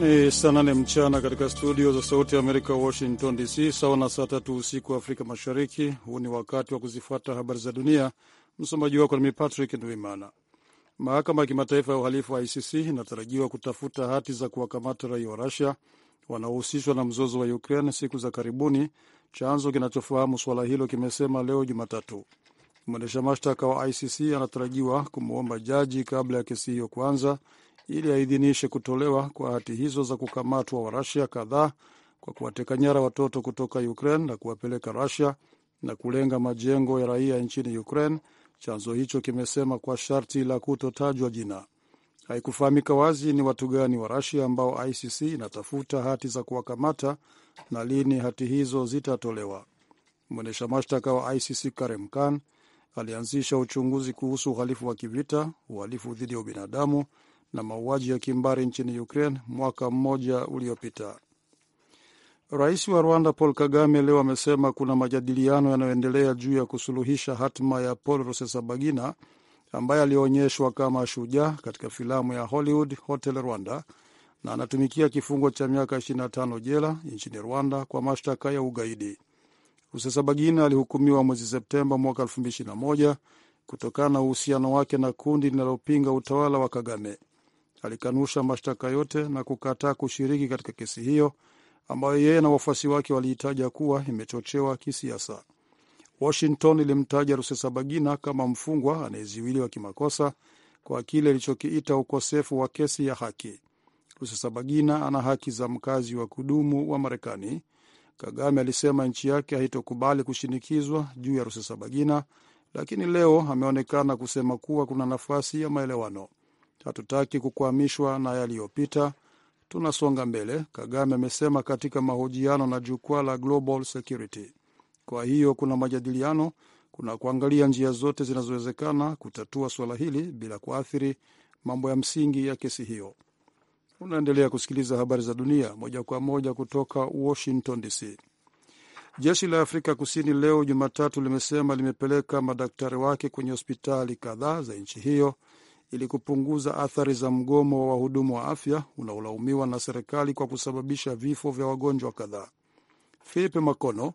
Ni saa nane mchana katika studio za Sauti ya Amerika, Washington DC, sawa na saa tatu usiku wa Afrika Mashariki. Huu ni wakati wa kuzifuata habari za dunia. Msomaji wako nimi Patrick Nduimana. Mahakama ya Kimataifa ya Uhalifu wa ICC inatarajiwa kutafuta hati za kuwakamata raia wa Rusia wanaohusishwa na mzozo wa Ukraine siku za karibuni, chanzo kinachofahamu suala hilo kimesema leo Jumatatu. Mwendesha mashtaka wa ICC anatarajiwa kumwomba jaji kabla ya kesi hiyo kuanza ili aidhinishe kutolewa kwa hati hizo za kukamatwa Warusia kadhaa kwa kuwateka nyara watoto kutoka Ukraine na kuwapeleka Rusia na kulenga majengo ya raia nchini Ukraine. Chanzo hicho kimesema kwa sharti la kutotajwa jina. Haikufahamika wazi ni watu gani wa Rusia ambao ICC inatafuta hati za kuwakamata na lini hati hizo zitatolewa. Mwendesha mashtaka wa ICC Karem Khan alianzisha uchunguzi kuhusu uhalifu wa kivita, uhalifu dhidi ya ubinadamu na mauaji ya kimbari nchini Ukraine mwaka mmoja uliopita. Rais wa Rwanda Paul Kagame leo amesema kuna majadiliano yanayoendelea juu ya kusuluhisha hatima ya Paul Rusesabagina ambaye alionyeshwa kama shujaa katika filamu ya Hollywood Hotel Rwanda na anatumikia kifungo cha miaka 25 jela nchini Rwanda kwa mashtaka ya ugaidi. Rusesabagina alihukumiwa mwezi Septemba mwaka 2021 kutokana na uhusiano wake na kundi linalopinga utawala wa Kagame alikanusha mashtaka yote na kukataa kushiriki katika kesi hiyo ambayo yeye na wafuasi wake waliitaja kuwa imechochewa kisiasa. Washington ilimtaja Rusesabagina kama mfungwa anayeziwiliwa kimakosa kwa kile ilichokiita ukosefu wa kesi ya haki. Rusesabagina ana haki za mkazi wa kudumu wa Marekani. Kagame alisema nchi yake haitokubali kushinikizwa juu ya Rusesabagina, lakini leo ameonekana kusema kuwa kuna nafasi ya maelewano hatutaki kukwamishwa na yaliyopita, tunasonga mbele, Kagame amesema katika mahojiano na jukwaa la Global Security. Kwa hiyo kuna majadiliano, kuna kuangalia njia zote zinazowezekana kutatua suala hili bila kuathiri mambo ya msingi ya kesi hiyo. Unaendelea kusikiliza habari za dunia moja kwa moja kutoka Washington DC. Jeshi la Afrika Kusini leo Jumatatu limesema limepeleka madaktari wake kwenye hospitali kadhaa za nchi hiyo ili kupunguza athari za mgomo wa wahudumu wa afya unaolaumiwa na serikali kwa kusababisha vifo vya wagonjwa kadhaa. Philip Makono,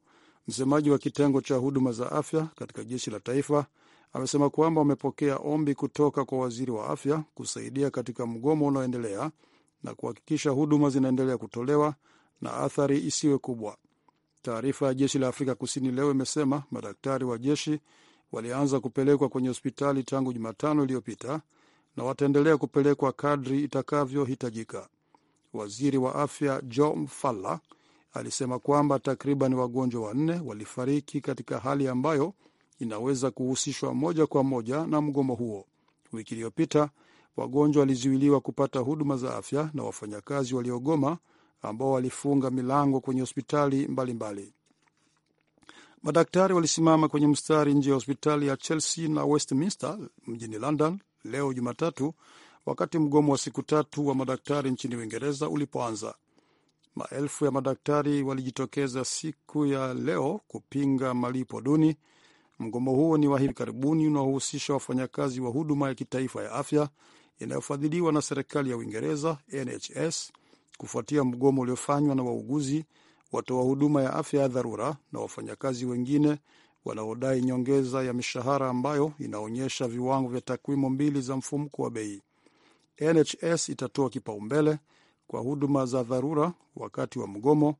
msemaji wa kitengo cha huduma za afya katika jeshi la taifa, amesema kwamba wamepokea ombi kutoka kwa waziri wa afya kusaidia katika mgomo unaoendelea na kuhakikisha huduma zinaendelea kutolewa na athari isiwe kubwa. Taarifa ya jeshi la Afrika Kusini leo imesema madaktari wa jeshi walianza kupelekwa kwenye hospitali tangu Jumatano iliyopita na wataendelea kupelekwa kadri itakavyohitajika. Waziri wa afya Joe Mfala alisema kwamba takriban wagonjwa wanne walifariki katika hali ambayo inaweza kuhusishwa moja kwa moja na mgomo huo. Wiki iliyopita wagonjwa walizuiliwa kupata huduma za afya na wafanyakazi waliogoma ambao walifunga milango kwenye hospitali mbalimbali. Madaktari walisimama kwenye mstari nje ya hospitali ya Chelsea na Westminster mjini London leo Jumatatu, wakati mgomo wa siku tatu wa madaktari nchini Uingereza ulipoanza. Maelfu ya madaktari walijitokeza siku ya leo kupinga malipo duni. Mgomo huo ni wa hivi karibuni unaohusisha wafanyakazi wa huduma ya kitaifa ya afya inayofadhiliwa na serikali ya Uingereza, NHS, kufuatia mgomo uliofanywa na wauguzi, watoa huduma ya afya ya dharura na wafanyakazi wengine wanaodai nyongeza ya mishahara ambayo inaonyesha viwango vya takwimu mbili za mfumko wa bei. NHS itatoa kipaumbele kwa huduma za dharura wakati wa mgomo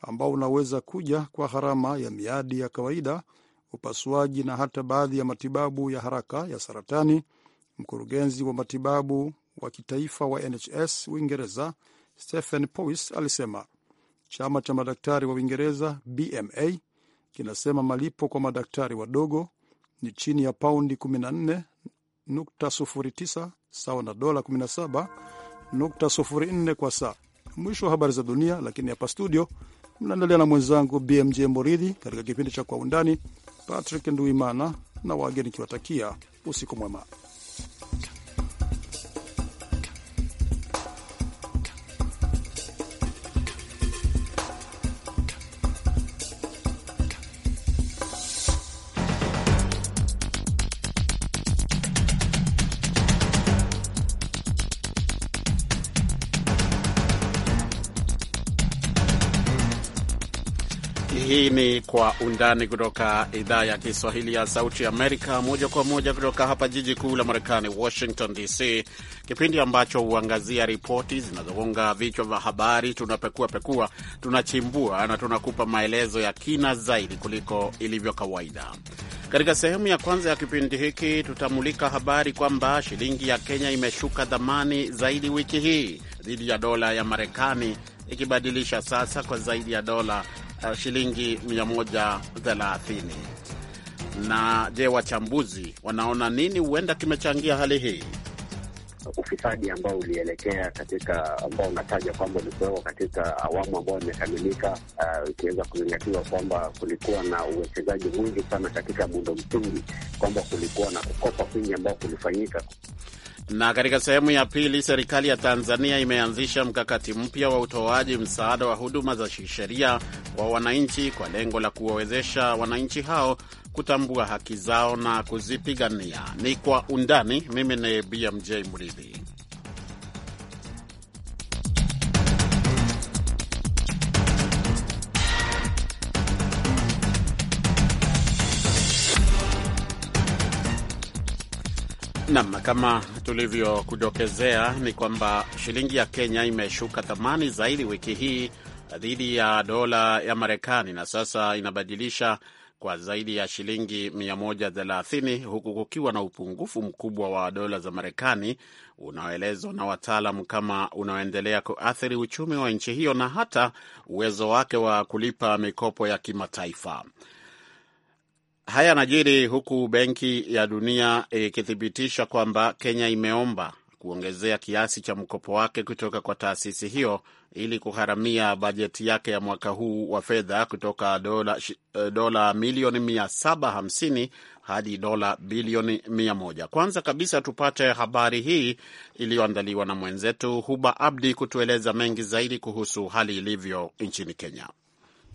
ambao unaweza kuja kwa gharama ya miadi ya kawaida, upasuaji na hata baadhi ya matibabu ya haraka ya saratani. Mkurugenzi wa matibabu wa kitaifa wa NHS Uingereza Stephen Powis alisema chama cha madaktari wa Uingereza BMA kinasema malipo kwa madaktari wadogo ni chini ya paundi 14.09 sawa na dola 17.04 kwa saa. Mwisho wa habari za dunia, lakini hapa studio mnaendelea na mwenzangu BMJ Moridhi katika kipindi cha Kwa Undani. Patrick Nduimana na wageni kiwatakia usiku mwema. Kwa Undani kutoka idhaa ya Kiswahili ya Sauti Amerika, moja kwa moja kutoka hapa jiji kuu la Marekani, Washington DC, kipindi ambacho huangazia ripoti zinazogonga vichwa vya habari. Tunapekua pekua, tunachimbua na tunakupa maelezo ya kina zaidi kuliko ilivyo kawaida. Katika sehemu ya kwanza ya kipindi hiki tutamulika habari kwamba shilingi ya Kenya imeshuka dhamani zaidi wiki hii dhidi ya dola ya Marekani, ikibadilisha sasa kwa zaidi ya dola Uh, shilingi 130. Na je, wachambuzi wanaona nini huenda kimechangia hali hii? Ufisadi ambao ulielekea katika ambao unataja kwamba ulikuwekwa katika awamu ambayo imekamilika, uh, ikiweza uh, kuzingatiwa kwamba kulikuwa na uwekezaji mwingi sana katika muundo msingi, kwamba kulikuwa na kukopa kwingi ambao kulifanyika. Na katika sehemu ya pili, serikali ya Tanzania imeanzisha mkakati mpya wa utoaji msaada wa huduma za sheria kwa wananchi kwa lengo la kuwawezesha wananchi hao kutambua haki zao na kuzipigania. Ni kwa undani. Mimi ni BMJ Mridhi. Nam, kama tulivyokudokezea ni kwamba shilingi ya Kenya imeshuka thamani zaidi wiki hii dhidi ya dola ya Marekani na sasa inabadilisha kwa zaidi ya shilingi 130 huku kukiwa na upungufu mkubwa wa dola za Marekani unaoelezwa na wataalam kama unaoendelea kuathiri uchumi wa nchi hiyo na hata uwezo wake wa kulipa mikopo ya kimataifa. Haya yanajiri huku Benki ya Dunia ikithibitisha e, kwamba Kenya imeomba kuongezea kiasi cha mkopo wake kutoka kwa taasisi hiyo ili kugharamia bajeti yake ya mwaka huu wa fedha kutoka dola, eh, dola milioni 750 hadi dola bilioni 100. Kwanza kabisa tupate habari hii iliyoandaliwa na mwenzetu Huba Abdi kutueleza mengi zaidi kuhusu hali ilivyo nchini Kenya.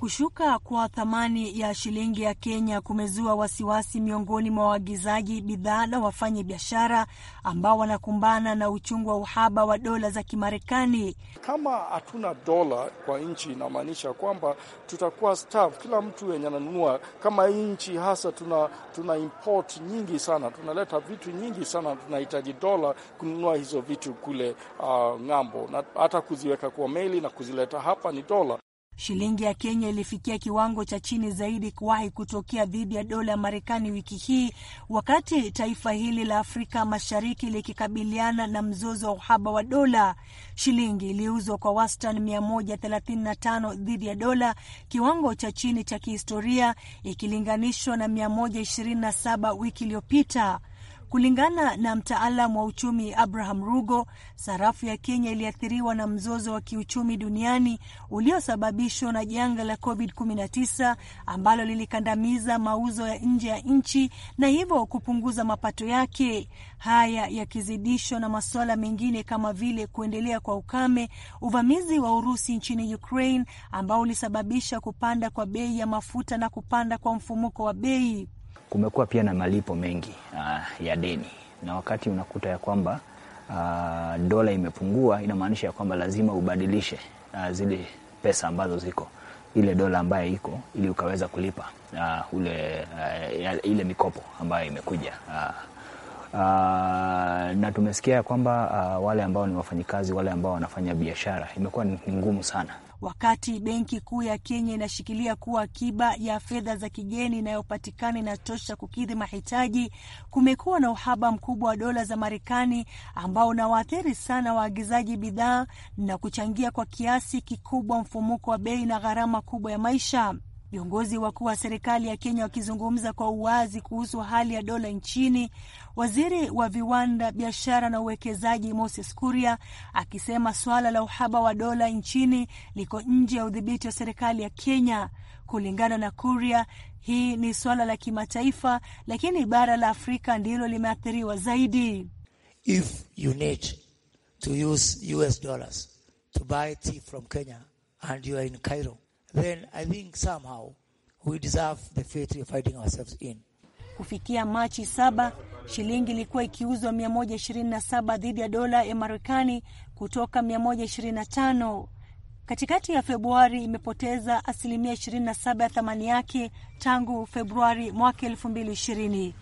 Kushuka kwa thamani ya shilingi ya Kenya kumezua wasiwasi miongoni mwa waagizaji bidhaa na wafanya biashara ambao wanakumbana na uchungu wa uhaba wa dola za Kimarekani. Kama hatuna dola kwa nchi, inamaanisha kwamba tutakuwa staff, kila mtu wenye ananunua. Kama hii nchi hasa tuna, tuna import nyingi sana, tunaleta vitu nyingi sana, tunahitaji dola kununua hizo vitu kule uh, ng'ambo, na hata kuziweka kwa meli na kuzileta hapa ni dola. Shilingi ya Kenya ilifikia kiwango cha chini zaidi kuwahi kutokea dhidi ya dola ya Marekani wiki hii, wakati taifa hili la Afrika Mashariki likikabiliana na mzozo wa uhaba wa dola. Shilingi iliuzwa kwa wastani 135 dhidi ya dola, kiwango cha chini cha kihistoria, ikilinganishwa na 127 wiki iliyopita. Kulingana na mtaalam wa uchumi Abraham Rugo, sarafu ya Kenya iliathiriwa na mzozo wa kiuchumi duniani uliosababishwa na janga la COVID-19 ambalo lilikandamiza mauzo ya nje ya nchi na hivyo kupunguza mapato yake. Haya yakizidishwa na masuala mengine kama vile kuendelea kwa ukame, uvamizi wa Urusi nchini Ukraine ambao ulisababisha kupanda kwa bei ya mafuta na kupanda kwa mfumuko wa bei kumekuwa pia na malipo mengi uh, ya deni, na wakati unakuta ya kwamba uh, dola imepungua, inamaanisha ya kwamba lazima ubadilishe uh, zile pesa ambazo ziko ile dola ambayo iko ili ukaweza kulipa uh, ule, uh, ile mikopo ambayo imekuja uh, uh, na tumesikia ya kwamba uh, wale ambao ni wafanyikazi, wale ambao wanafanya biashara imekuwa ni ngumu sana wakati Benki Kuu ya Kenya inashikilia kuwa akiba ya fedha za kigeni inayopatikana inatosha kukidhi mahitaji, kumekuwa na uhaba mkubwa wa dola za Marekani ambao unawaathiri sana waagizaji bidhaa na kuchangia kwa kiasi kikubwa mfumuko wa bei na gharama kubwa ya maisha. Viongozi wakuu wa serikali ya Kenya wakizungumza kwa uwazi kuhusu hali ya dola nchini, waziri wa viwanda, biashara na uwekezaji Moses Kuria akisema suala la uhaba wa dola nchini liko nje ya udhibiti wa serikali ya Kenya. Kulingana na Kuria, hii ni suala la kimataifa, lakini bara la Afrika ndilo limeathiriwa zaidi. If you need to use US dollars to buy tea from Kenya and you are in Cairo then I think somehow we deserve the fate we're finding ourselves in. Kufikia Machi saba, shilingi ilikuwa ikiuzwa 127 dhidi ya dola ya Marekani kutoka 125. Katikati ya Februari imepoteza asilimia 27 ya thamani yake tangu Februari mwaka 2020.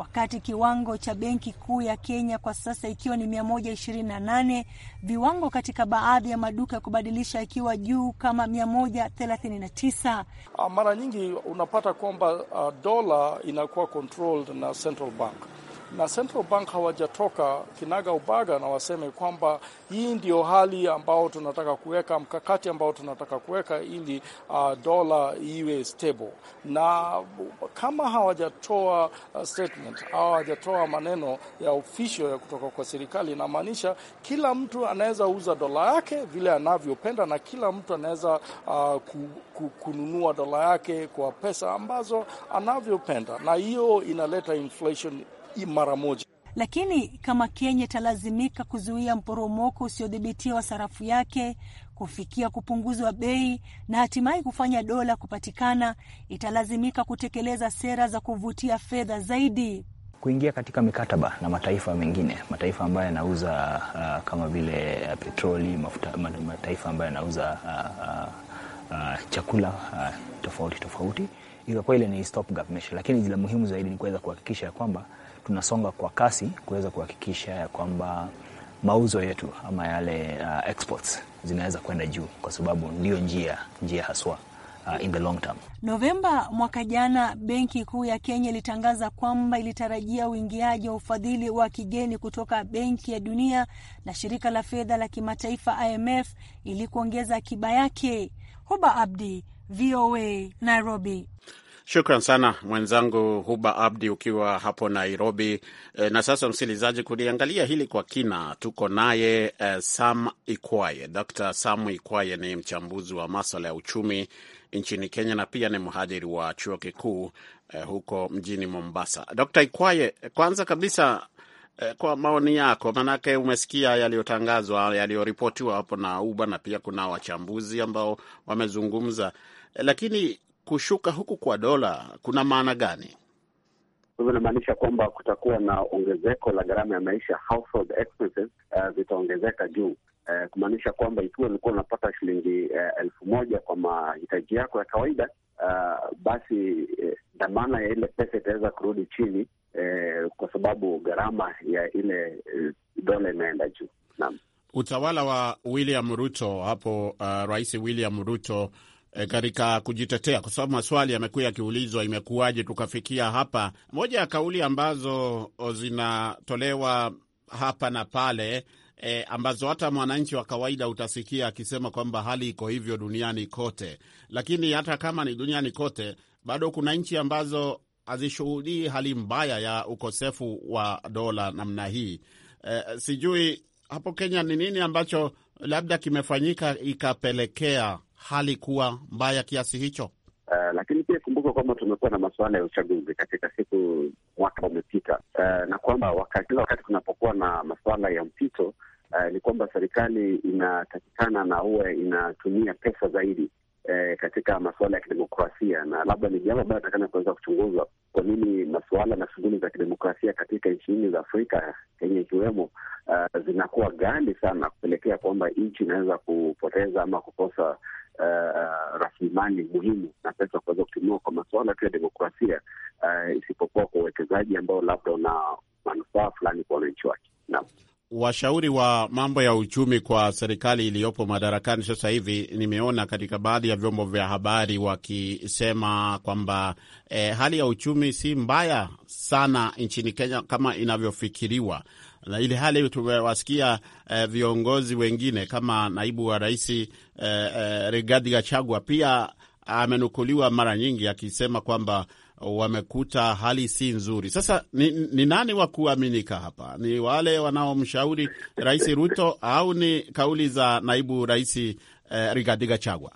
Wakati kiwango cha Benki Kuu ya Kenya kwa sasa ikiwa ni 128, viwango katika baadhi ya maduka ya kubadilisha ikiwa juu kama 139. Ah, mara nyingi unapata kwamba uh, dola inakuwa controlled na central bank na Central Bank hawajatoka kinaga ubaga na waseme kwamba hii ndio hali ambao tunataka kuweka mkakati ambao tunataka kuweka ili uh, dola iwe stable, na kama hawajatoa uh, statement au hawajatoa maneno ya official ya kutoka kwa serikali, inamaanisha kila mtu anaweza uza dola yake vile anavyopenda na kila mtu anaweza uh, ku, ku, kununua dola yake kwa pesa ambazo anavyopenda, na hiyo inaleta inflation mara moja. Lakini kama Kenya italazimika kuzuia mporomoko usiodhibitiwa wa sarafu yake kufikia kupunguzwa bei na hatimaye kufanya dola kupatikana, italazimika kutekeleza sera za kuvutia fedha zaidi, kuingia katika mikataba na mataifa mengine, mataifa ambayo yanauza uh, kama vile uh, petroli mafuta, mataifa ambayo yanauza uh, uh, uh, chakula uh, tofauti tofauti. Ikakuwa ile ni measure, lakini la muhimu zaidi ni kuweza kuhakikisha ya kwamba tunasonga kwa kasi kuweza kuhakikisha ya kwamba mauzo yetu ama yale uh, exports zinaweza kwenda juu, kwa sababu ndiyo njia njia haswa uh, in the long term. Novemba mwaka jana, Benki Kuu ya Kenya ilitangaza kwamba ilitarajia uingiaji wa ufadhili wa kigeni kutoka Benki ya Dunia na Shirika la Fedha la Kimataifa IMF ili kuongeza akiba yake. Huba Abdi, VOA, Nairobi. Shukran sana mwenzangu Huba Abdi ukiwa hapo Nairobi. E, na sasa msikilizaji, kuliangalia hili kwa kina, tuko naye e, Sam Ikwaye. Dr Sam Ikwaye ni mchambuzi wa maswala ya uchumi nchini Kenya na pia ni mhadhiri wa chuo kikuu e, huko mjini Mombasa. Dr Ikwaye, kwanza kabisa e, kwa maoni yako, maanake umesikia yaliyotangazwa, yaliyoripotiwa hapo na Uba na pia kuna wachambuzi ambao wamezungumza, lakini kushuka huku kwa dola kuna maana gani? Hivyo inamaanisha kwamba kutakuwa na ongezeko la gharama ya maisha, household expenses eh, zitaongezeka uh, juu uh, kumaanisha kwamba ikiwa ulikuwa unapata shilingi uh, elfu moja kwa mahitaji yako ya kawaida uh, basi dhamana uh, ya ile pesa itaweza kurudi chini uh, kwa sababu gharama ya ile uh, dola imeenda juu. Naam. Utawala wa William Ruto hapo, uh, Rais William Ruto e, katika kujitetea, kwa sababu maswali yamekuwa yakiulizwa, imekuwaje tukafikia hapa. Moja ya kauli ambazo zinatolewa hapa na pale E, ambazo hata mwananchi wa kawaida utasikia akisema kwamba hali iko hivyo duniani kote. Lakini hata kama ni duniani kote, bado kuna nchi ambazo hazishuhudii hali mbaya ya ukosefu wa dola namna hii. E, sijui hapo Kenya ni nini ambacho labda kimefanyika ikapelekea hali kuwa mbaya kiasi hicho? Uh, lakini pia kumbuka kwamba tumekuwa na masuala ya uchaguzi katika siku mwaka umepita, uh, na kwamba wakati, wakati kunapokuwa na masuala ya mpito uh, ni kwamba serikali inatakikana na huwa inatumia pesa zaidi eh, katika masuala ya kidemokrasia, na labda ni jambo ambayo atakana kuweza kuchunguzwa, kwa nini masuala na shughuli za kidemokrasia katika nchi nyingi za Afrika, yenye ikiwemo, uh, zinakuwa ghali sana kupelekea kwamba nchi inaweza kupoteza ama kukosa Uh, rasilimali muhimu na pesa kuweza kutumiwa kwa masuala tu ya demokrasia uh, isipokuwa kwa uwekezaji ambao labda una manufaa fulani kwa wananchi wake. Naam washauri wa mambo ya uchumi kwa serikali iliyopo madarakani sasa hivi, nimeona katika baadhi ya vyombo vya habari wakisema kwamba eh, hali ya uchumi si mbaya sana nchini Kenya kama inavyofikiriwa, na ili hali tumewasikia eh, viongozi wengine kama naibu wa rais eh, eh, Rigathi Gachagua pia amenukuliwa mara nyingi akisema kwamba wamekuta hali si nzuri. Sasa ni, ni nani wa kuaminika hapa? Ni wale wanaomshauri Rais Ruto au ni kauli za naibu rais eh, Rigathi Gachagua?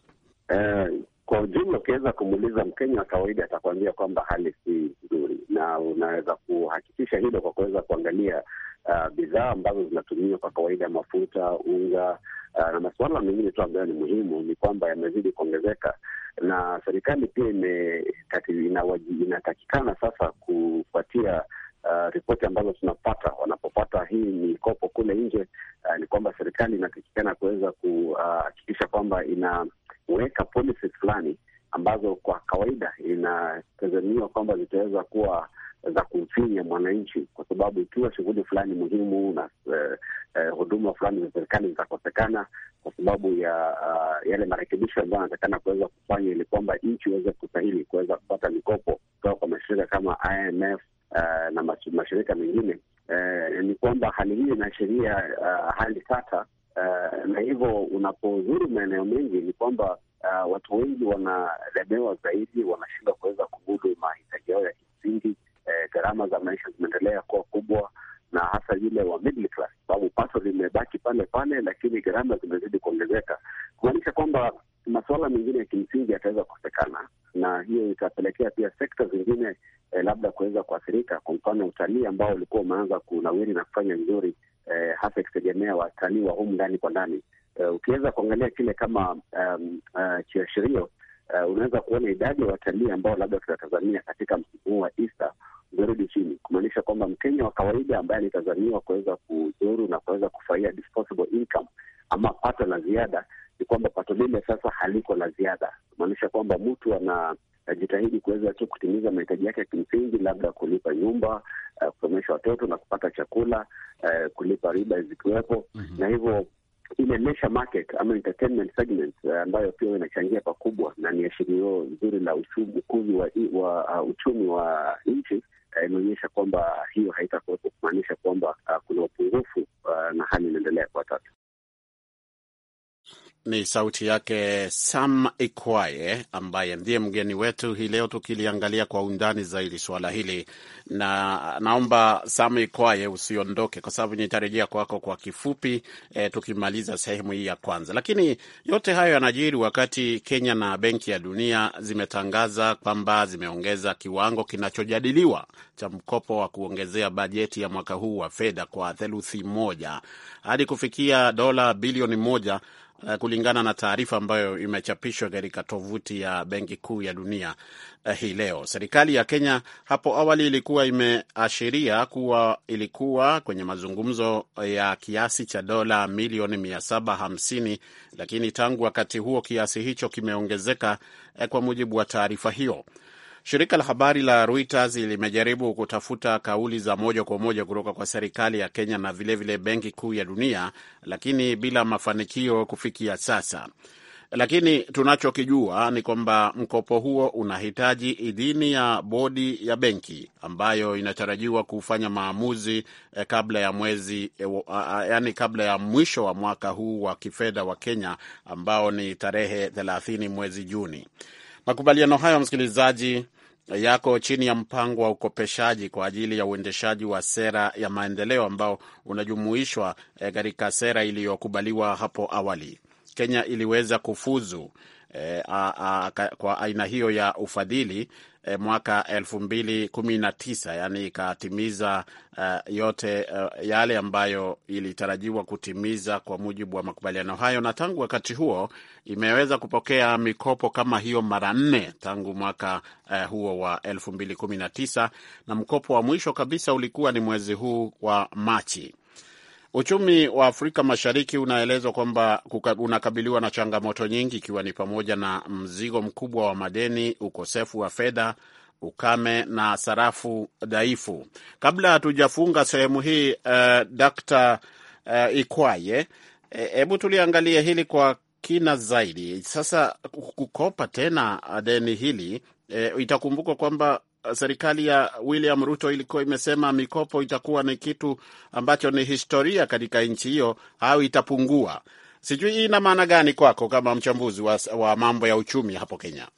Eh, kwa ujumla ukiweza kumuuliza Mkenya wa kawaida atakuambia kwamba hali si nzuri, na unaweza kuhakikisha hilo kwa kuweza kuangalia uh, bidhaa ambazo zinatumiwa kwa kawaida, mafuta, unga uh, na masuala mengine tu ambayo ni muhimu, ni kwamba yamezidi kuongezeka na serikali pia inatakikana sasa kufuatia uh, ripoti ambazo tunapata wanapopata hii mikopo kule nje uh, ni kwamba serikali inatakikana kuweza kuhakikisha uh, kwamba inaweka policy fulani ambazo kwa kawaida inatazamiwa kwamba zitaweza kuwa za kumfinya mwananchi, kwa sababu ikiwa shughuli fulani muhimu na eh, eh, huduma fulani za serikali zitakosekana kwa sababu ya uh, yale marekebisho ambayo anatakana kuweza kufanya ili kwamba nchi iweze kustahili kuweza kupata mikopo kutoka kwa mashirika kama IMF uh, eh, na mashirika mengine uh, ni kwamba hali hii inaashiria uh, hali tata uh, na hivyo unapozuru maeneo mengi ni kwamba uh, watu wengi wanalemewa zaidi, wanashindwa kuweza kumudu mahitaji yao ya kimsingi eh, gharama za maisha zimeendelea kuwa kubwa, na hasa yule wa middle class, sababu pato limebaki pale pale, lakini gharama zimezidi kuongezeka, kumaanisha kwamba masuala mengine ya kimsingi yataweza kukosekana, na hiyo itapelekea pia sekta zingine eh, labda kuweza kuathirika. Kwa mfano utalii ambao ulikuwa umeanza kunawiri na kufanya vizuri eh, hasa ikitegemea watalii wa humu ndani kwa ndani eh, ukiweza kuangalia kile kama um, uh, kiashirio uh, unaweza kuona idadi ya watalii ambao labda tunatazamia katika msimu huu wa Easter umerudi chini, kumaanisha kwamba Mkenya wa kawaida ambaye anatazamiwa kuweza kuzuru na kuweza kufurahia disposable income ama pato la ziada, ni kwamba pato lile sasa haliko la ziada, kumaanisha kwamba mtu ana jitahidi kuweza tu kutimiza mahitaji yake ya kimsingi, labda kulipa nyumba, uh, kusomesha watoto na kupata chakula, uh, kulipa riba zikiwepo, mm -hmm. na hivyo ile market ama entertainment eh, ambayo pia inachangia pakubwa na ni ashirio nzuri la ukuzi wa, wa uh, uchumi wa nchi eh, imeonyesha kwamba hiyo haitakuwepo kumaanisha kwamba uh, Ni sauti yake Sam Ikwaye ambaye ndiye mgeni wetu hii leo, tukiliangalia kwa undani zaidi suala hili, na naomba Sam Ikwaye usiondoke, kwa sababu nitarejea kwako kwa kifupi e, tukimaliza sehemu hii ya kwanza. Lakini yote hayo yanajiri wakati Kenya na Benki ya Dunia zimetangaza kwamba zimeongeza kiwango kinachojadiliwa cha mkopo wa kuongezea bajeti ya mwaka huu wa fedha kwa theluthi moja hadi kufikia dola bilioni moja Eh, kulingana na taarifa ambayo imechapishwa katika tovuti ya Benki Kuu ya Dunia eh, hii leo. Serikali ya Kenya hapo awali ilikuwa imeashiria kuwa ilikuwa kwenye mazungumzo eh, ya kiasi cha dola milioni 750, lakini tangu wakati huo kiasi hicho kimeongezeka, kwa mujibu wa taarifa hiyo. Shirika la habari la Reuters limejaribu kutafuta kauli za moja kwa moja kutoka kwa serikali ya Kenya na vilevile Benki Kuu ya Dunia, lakini bila mafanikio kufikia sasa. Lakini tunachokijua ni kwamba mkopo huo unahitaji idhini ya bodi ya benki ambayo inatarajiwa kufanya maamuzi eh, kabla ya mwezi eh, ah, ah, yani kabla ya mwisho wa mwaka huu wa kifedha wa Kenya ambao ni tarehe 30 mwezi Juni. Makubaliano hayo, msikilizaji, yako chini ya mpango wa ukopeshaji kwa ajili ya uendeshaji wa sera ya maendeleo ambao unajumuishwa eh, katika sera iliyokubaliwa hapo awali. Kenya iliweza kufuzu e, a, a, kwa aina hiyo ya ufadhili eh, mwaka elfu mbili kumi na tisa yaani ikatimiza uh, yote uh, yale ambayo ilitarajiwa kutimiza kwa mujibu wa makubaliano hayo, na tangu wakati huo imeweza kupokea mikopo kama hiyo mara nne tangu mwaka uh, huo wa elfu mbili kumi na tisa na mkopo wa mwisho kabisa ulikuwa ni mwezi huu wa Machi. Uchumi wa Afrika Mashariki unaelezwa kwamba unakabiliwa na changamoto nyingi, ikiwa ni pamoja na mzigo mkubwa wa madeni, ukosefu wa fedha, ukame na sarafu dhaifu. Kabla hatujafunga sehemu hii, uh, Dr. uh, Ikwaye, eh, hebu e, tuliangalie hili kwa kina zaidi. Sasa kukopa tena deni hili E, itakumbukwa kwamba serikali ya William Ruto ilikuwa imesema mikopo itakuwa ni kitu ambacho ni historia katika nchi hiyo au itapungua. Sijui hii ina maana gani kwako kama mchambuzi wa, wa mambo ya uchumi hapo Kenya?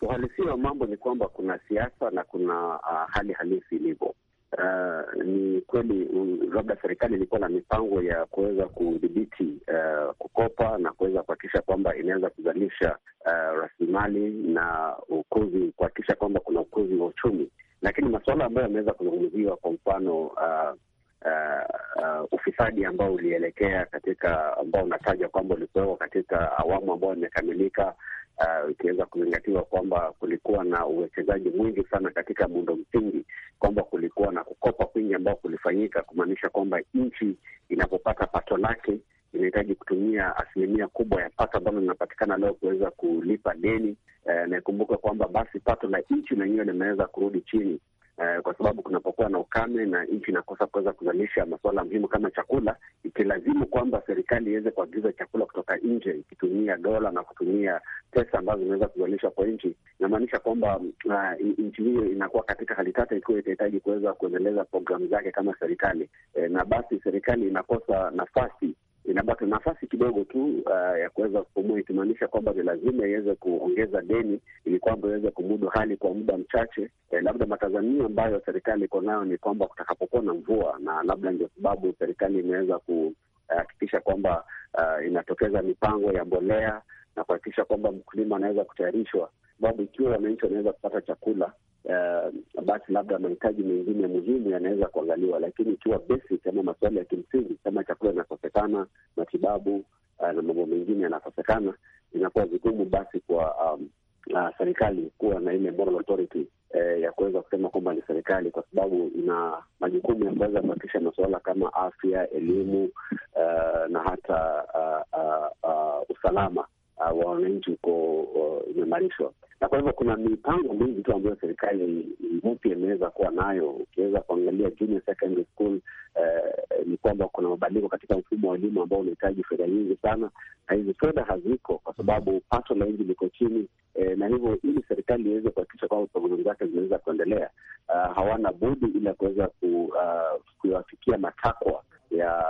Uhalisia wa mambo ni kwamba kuna siasa na kuna uh, hali halisi ilivyo. Uh, ni kweli mm, labda serikali ilikuwa na mipango ya kuweza kudhibiti uh, kukopa na kuweza kuhakikisha kwamba inaweza kuzalisha uh, rasilimali na ukuzi, kuhakikisha kwamba kuna ukuzi wa uchumi. Lakini masuala ambayo yameweza kuzungumziwa, kwa mfano uh, uh, uh, ufisadi ambao ulielekea katika, ambao unataja kwamba ulikuwekwa katika awamu ambayo imekamilika, ikiweza uh, kuzingatiwa kwamba kulikuwa na uwekezaji mwingi sana katika muundo msingi, kwamba kulikuwa na kukopa kwingi ambao kulifanyika, kumaanisha kwamba nchi inapopata pato lake inahitaji kutumia asilimia kubwa ya pato ambalo linapatikana leo kuweza kulipa deni. Eh, naikumbuka kwamba basi pato la nchi lenyewe limeweza kurudi chini eh, kwa sababu kunapokuwa na ukame na nchi inakosa kuweza kuzalisha masuala muhimu kama chakula, ikilazimu kwamba serikali iweze kuagiza chakula kutoka nje ikitumia dola na kutumia pesa ambazo zinaweza kuzalishwa kwa nchi, inamaanisha kwamba uh, nchi hiyo inakuwa katika hali tata, ikiwa itahitaji kuweza kuendeleza programu zake kama serikali e, na basi serikali inakosa nafasi inabaki nafasi kidogo tu uh, ya kuweza kupumua, ikimaanisha kwamba ni lazima iweze kuongeza deni ili kwamba iweze kumudu hali kwa muda mchache. Eh, labda matazamio ambayo serikali iko nayo ni kwamba kutakapokuwa na mvua, na labda ndio sababu serikali imeweza kuhakikisha uh, kwamba uh, inatokeza mipango ya mbolea na kuhakikisha kwamba mkulima anaweza kutayarishwa, sababu ikiwa wananchi wanaweza kupata chakula uh, basi labda mahitaji mengine muhimu yanaweza kuangaliwa, lakini ikiwa basic ama masuala ya kimsingi kama chakula inakosekana, matibabu uh, na mambo mengine yanakosekana, inakuwa vigumu basi kwa um, uh, serikali kuwa na ile moral authority eh, ya kuweza kusema kwamba ni serikali, kwa sababu ina majukumu ya kuweza kuhakikisha masuala kama afya, elimu uh, na hata uh, uh, uh, usalama uh, wa wananchi uko uh, imemarishwa na kwa hivyo kuna mipango mingi tu ambayo serikali mpya imeweza kuwa nayo. Ukiweza kuangalia junior secondary school eh, ni kwamba kuna mabadiliko katika mfumo wa elimu ambao unahitaji fedha nyingi sana, na hizi fedha haziko kwa sababu pato la nchi liko chini eh, na hivyo ili serikali iweze kuhakikisha kwamba programu zake zinaweza kuendelea, uh, hawana budi ila kuweza ku, uh, matakwa ya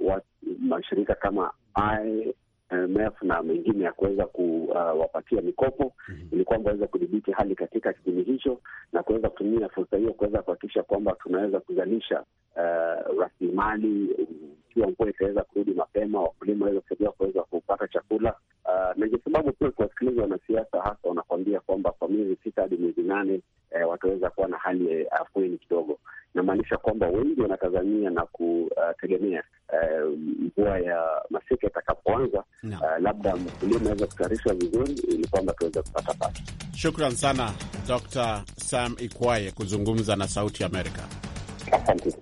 uh, mashirika kama I, IMF na mengine ya kuweza kuwapatia uh, mikopo mm -hmm. ili kwamba waweze kudhibiti hali katika kipindi hicho na kuweza kutumia fursa hiyo kuweza kuhakikisha kwamba tunaweza kuzalisha uh, rasilimali um, ikiwa mvua itaweza kurudi mapema, wakulima waweze kusaidia kuweza kupata chakula Uh, na ndio sababu pia kuwasikiliza wanasiasa hasa wanakwambia kwamba kwa miezi sita hadi miezi nane eh, wataweza kuwa na hali ya afueni kidogo. Inamaanisha kwamba wengi wanatazamia na kutegemea eh, mvua eh, ya masika itakapoanza no. Uh, ah, labda mkulima anaweza kutayarishwa vizuri ili kwamba tuweze kupata pato. Shukran sana Dr. Sam Ikwaye kuzungumza na Sauti Amerika. Asante.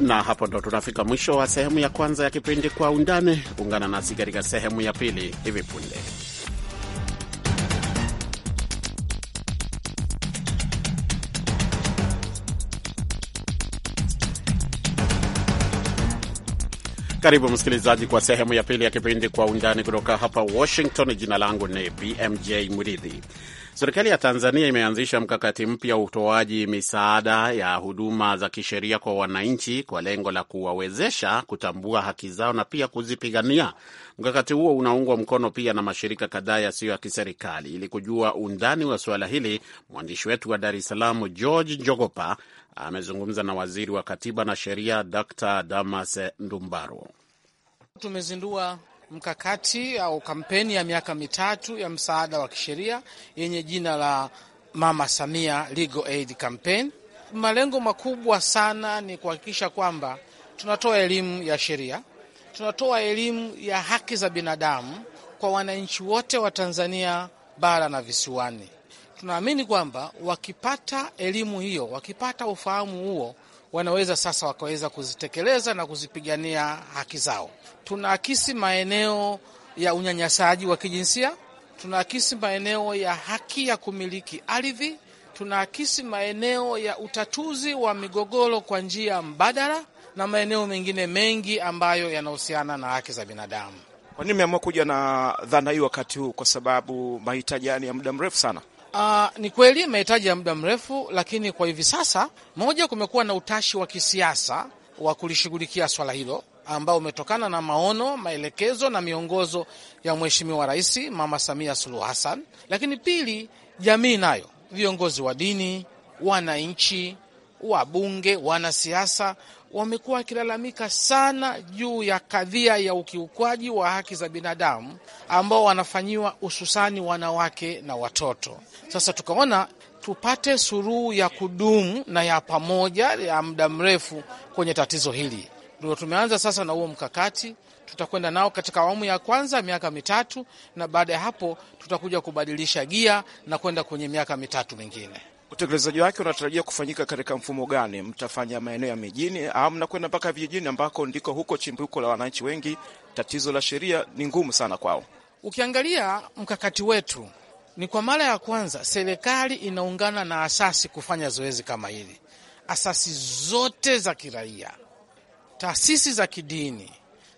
Na hapo ndo tunafika mwisho wa sehemu ya kwanza ya kipindi Kwa Undani. Ungana nasi katika sehemu ya pili hivi punde. Karibu msikilizaji, kwa sehemu ya pili ya kipindi Kwa Undani kutoka hapa Washington. Jina langu ni BMJ Muridhi. Serikali ya Tanzania imeanzisha mkakati mpya wa utoaji misaada ya huduma za kisheria kwa wananchi kwa lengo la kuwawezesha kutambua haki zao na pia kuzipigania. Mkakati huo unaungwa mkono pia na mashirika kadhaa yasiyo ya kiserikali. Ili kujua undani wa suala hili, mwandishi wetu wa Dar es Salaam George Njogopa amezungumza na waziri wa katiba na sheria Dr. Damas Ndumbaro. Tumezindua mkakati au kampeni ya miaka mitatu ya msaada wa kisheria yenye jina la Mama Samia Legal Aid Campaign. Malengo makubwa sana ni kuhakikisha kwamba tunatoa elimu ya sheria, tunatoa elimu ya haki za binadamu kwa wananchi wote wa Tanzania bara na visiwani. Tunaamini kwamba wakipata elimu hiyo, wakipata ufahamu huo wanaweza sasa wakaweza kuzitekeleza na kuzipigania haki zao. Tunaakisi maeneo ya unyanyasaji wa kijinsia, tunaakisi maeneo ya haki ya kumiliki ardhi, tunaakisi maeneo ya utatuzi wa migogoro kwa njia mbadala na maeneo mengine mengi ambayo yanahusiana na haki za binadamu. Kwa nini kuja na dhana hii wakati huu? Kwa sababu mahitaji ya muda mrefu sana Uh, ni kweli mahitaji ya muda mrefu, lakini kwa hivi sasa, moja, kumekuwa na utashi wa kisiasa wa kulishughulikia swala hilo ambao umetokana na maono, maelekezo na miongozo ya Mheshimiwa Rais Mama Samia Suluhu Hassan, lakini pili, jamii nayo, viongozi wa dini, wananchi, wabunge, wanasiasa wamekuwa wakilalamika sana juu ya kadhia ya ukiukwaji wa haki za binadamu ambao wanafanyiwa hususani wanawake na watoto. Sasa tukaona tupate suruhu ya kudumu na ya pamoja ya muda mrefu kwenye tatizo hili. Ndio tumeanza sasa na huo mkakati, tutakwenda nao katika awamu ya kwanza miaka mitatu, na baada ya hapo tutakuja kubadilisha gia na kwenda kwenye miaka mitatu mingine utekelezaji wake unatarajia kufanyika katika mfumo gani? Mtafanya maeneo ya mijini au mnakwenda mpaka vijijini ambako ndiko huko chimbuko la wananchi wengi? Tatizo la sheria ni ngumu sana kwao. Ukiangalia mkakati wetu, ni kwa mara ya kwanza serikali inaungana na asasi kufanya zoezi kama hili, asasi zote za kiraia, taasisi za kidini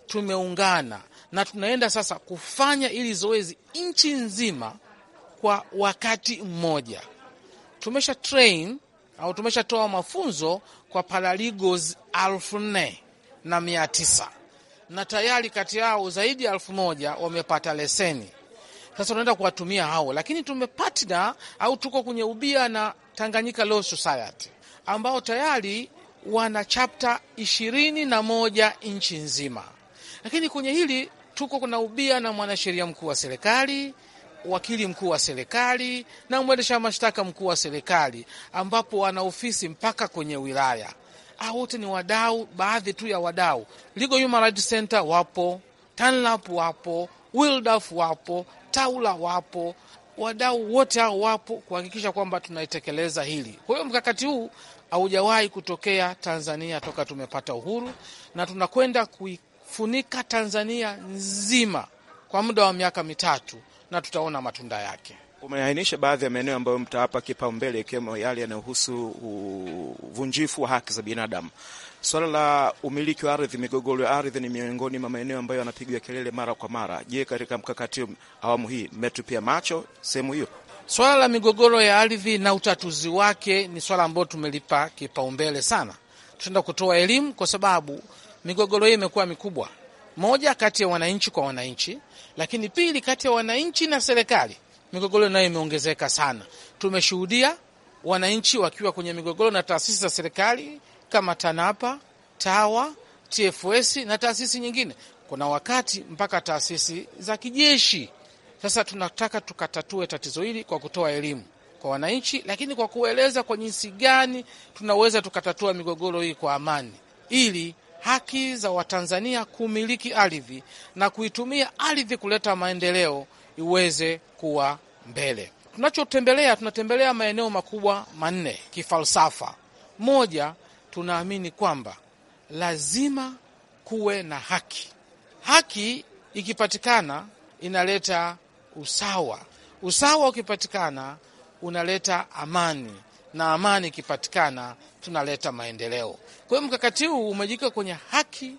tumeungana na tunaenda sasa kufanya ili zoezi nchi nzima kwa wakati mmoja tumesha train au tumeshatoa mafunzo kwa paralegals elfu nne na mia tisa na tayari kati yao zaidi ya elfu moja wamepata leseni. Sasa tunaenda kuwatumia hao, lakini tumepatna au tuko kwenye ubia na Tanganyika Law Society ambao tayari wana chapta ishirini na moja nchi nzima, lakini kwenye hili tuko kuna ubia na mwanasheria mkuu wa serikali wakili mkuu wa serikali na mwendesha mashtaka mkuu wa serikali, ambapo wana ofisi mpaka kwenye wilaya. Hao ah, wote ni wadau, baadhi tu ya wadau. Legal Human Rights Center wapo, Tanlap wapo, Wildaf wapo, Taula wapo wadau wote hao wapo kuhakikisha kwamba tunaitekeleza hili. Kwa hiyo mkakati huu haujawahi kutokea Tanzania toka tumepata uhuru, na tunakwenda kuifunika Tanzania nzima kwa muda wa miaka mitatu na tutaona matunda yake. Umeainisha baadhi ya maeneo ambayo mtawapa kipaumbele ikiwemo yale yanayohusu uvunjifu wa haki za binadamu. Swala la umiliki wa ardhi, migogoro ya ardhi ni miongoni mwa maeneo ambayo yanapigwa kelele mara kwa mara. Je, katika mkakati awamu hii mmetupia macho sehemu hiyo? Swala la migogoro ya ardhi na utatuzi wake ni swala ambayo tumelipa kipaumbele sana. Tunaenda kutoa elimu, kwa sababu migogoro hii imekuwa mikubwa, moja kati ya wananchi kwa wananchi lakini pili, kati ya wananchi na serikali migogoro nayo imeongezeka sana. Tumeshuhudia wananchi wakiwa kwenye migogoro na taasisi za serikali kama TANAPA, TAWA, TFS na taasisi nyingine, kuna wakati mpaka taasisi za kijeshi. Sasa tunataka tukatatue tatizo hili kwa kutoa elimu kwa wananchi, lakini kwa kueleza kwa jinsi gani tunaweza tukatatua migogoro hii kwa amani, ili haki za Watanzania kumiliki ardhi na kuitumia ardhi kuleta maendeleo iweze kuwa mbele. Tunachotembelea, tunatembelea maeneo makubwa manne kifalsafa. Moja, tunaamini kwamba lazima kuwe na haki. Haki ikipatikana inaleta usawa, usawa ukipatikana unaleta amani, na amani ikipatikana, tunaleta maendeleo. Kwa hiyo mkakati huu umejika kwenye haki,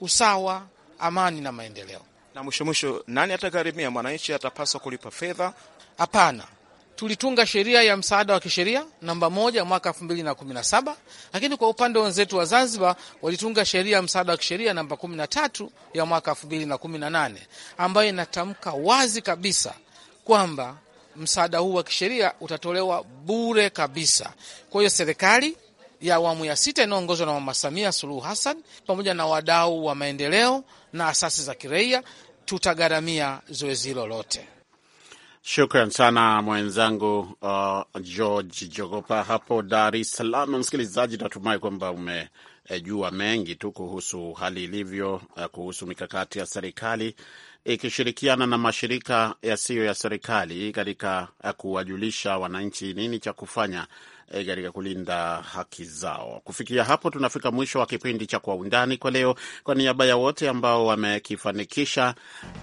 usawa, amani na maendeleo. Na mwisho mwisho, nani atagharimia? Mwananchi atapaswa kulipa fedha? Hapana. Tulitunga sheria ya msaada wa kisheria namba moja mwaka elfu mbili na kumi na saba lakini kwa upande wenzetu wa Zanzibar walitunga sheria ya msaada wa kisheria namba kumi na tatu ya mwaka elfu mbili na kumi na nane ambayo inatamka wazi kabisa kwamba msaada huu wa kisheria utatolewa bure kabisa. Kwa hiyo serikali ya awamu ya sita inayoongozwa na Mama Samia Suluhu Hassan pamoja na wadau wa maendeleo na asasi za kiraia tutagharamia zoezi hilo lote. Shukran sana mwenzangu uh, George Jogopa hapo Dar es Salaam. Msikilizaji, natumai kwamba umejua mengi tu kuhusu hali ilivyo, uh, kuhusu mikakati ya serikali ikishirikiana na mashirika yasiyo ya serikali katika eh, kuwajulisha wananchi nini cha kufanya eh, katika kulinda haki zao. Kufikia hapo, tunafika mwisho wa kipindi cha Kwa Undani kwa leo. Kwa niaba ya wote ambao wamekifanikisha,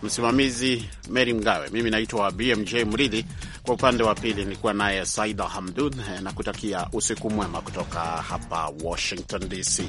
msimamizi Meri Mgawe, mimi naitwa BMJ Mridhi, kwa upande wa pili nilikuwa naye Saida Hamdun, eh, na kutakia usiku mwema kutoka hapa Washington DC.